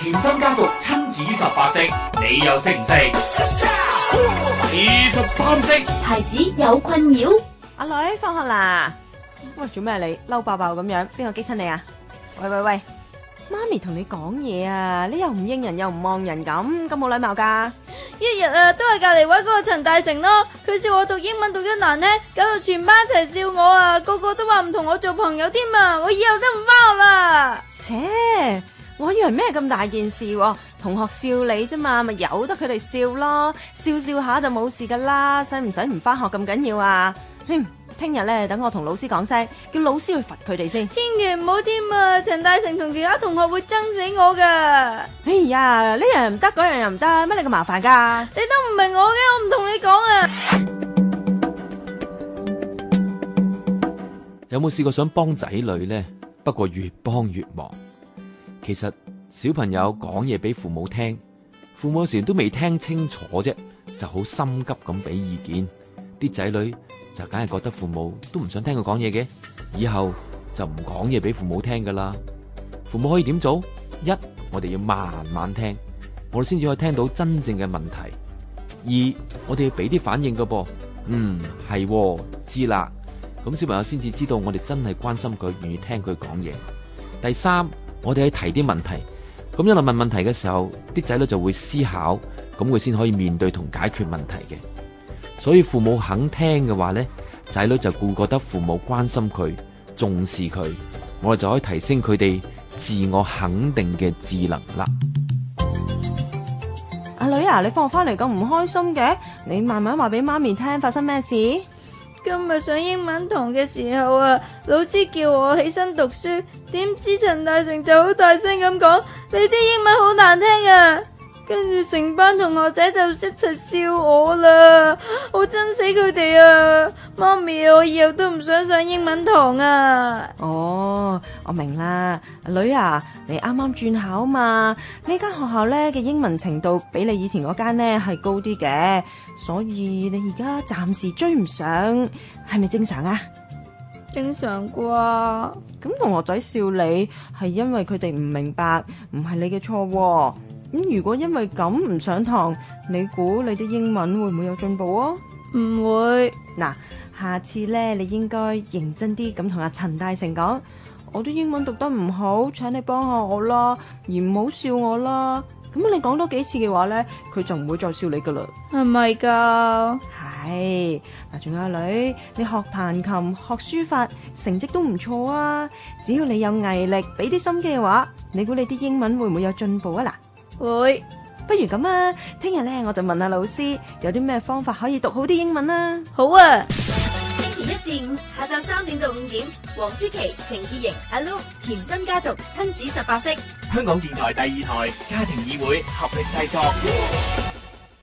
甜心家族親子十八式，你又識唔識？第十三式，孩子有困擾。阿女放學啦，喂做咩你嬲爆爆咁樣？邊個激親你啊？喂喂喂，媽咪同你講嘢啊！你又唔應人又唔望人咁，咁冇禮貌噶。一日啊都係隔籬位嗰個陳大成咯，佢笑我讀英文讀得難呢，搞到全班一齊笑我啊！個個都話唔同我做朋友添啊！我以後都唔翻學啦。切。我以為咩咁大件事喎？同學笑你啫嘛，咪由得佢哋笑咯，笑笑下就冇事噶啦，使唔使唔返學咁緊要啊？哼！聽日咧，等我同老師講聲，叫老師去罰佢哋先。千祈唔好添啊！陳大成同其他同學會憎死我噶。哎呀，呢樣唔得，嗰樣又唔得，乜你咁麻煩噶？你都唔明我嘅，我唔同你講啊！有冇試過想幫仔女呢？不過越幫越忙。其實小朋友講嘢俾父母聽，父母有時都未聽清楚啫，就好心急咁俾意見，啲仔女就梗係覺得父母都唔想聽佢講嘢嘅，以後就唔講嘢俾父母聽噶啦。父母可以點做？一，我哋要慢慢聽，我哋先至可以聽到真正嘅問題；二，我哋要俾啲反應噶噃，嗯，係喎，知啦，咁小朋友先至知道我哋真係關心佢，願意聽佢講嘢。第三。我哋喺提啲問、問題，咁一路問問題嘅時候，啲仔女就會思考，咁佢先可以面對同解決問題嘅。所以父母肯聽嘅話呢，仔女就顧覺得父母關心佢、重視佢，我哋就可以提升佢哋自我肯定嘅智能啦。阿女啊，你放學翻嚟咁唔開心嘅，你慢慢話俾媽咪聽發生咩事。今日上英文堂嘅時候啊，老師叫我起身讀書，點知陳大成就好大聲咁講：你啲英文好難聽啊。跟住成班同學仔就一齊笑我啦，好憎死佢哋啊！媽咪，我以後都唔想上英文堂啊！哦，我明啦，女啊，你啱啱轉校嘛？呢間學校呢嘅英文程度比你以前嗰間呢係高啲嘅，所以你而家暫時追唔上，係咪正常啊？正常啩？咁同學仔笑你係因為佢哋唔明白，唔係你嘅錯。咁如果因為咁唔上堂，你估你啲英文會唔會有進步哦？唔會。嗱，下次咧，你應該認真啲咁同阿陳大成講，我啲英文讀得唔好，請你幫下我啦，而唔好笑我啦。咁你講多幾次嘅話咧，佢就唔會再笑你噶啦。唔係噶，係嗱，仲有阿女，你學彈琴、學書法，成績都唔錯啊。只要你有毅力，俾啲心機嘅話，你估你啲英文會唔會有進步啊？嗱。喂，喂不如咁啊！聽日咧，我就問下老師，有啲咩方法可以讀好啲英文啦、啊。好啊，星期一至五下晝三點到五點，黃舒淇、程潔瑩、阿 l u m 甜心家族親子十八式，香港電台第二台家庭議會合力製作。Yeah!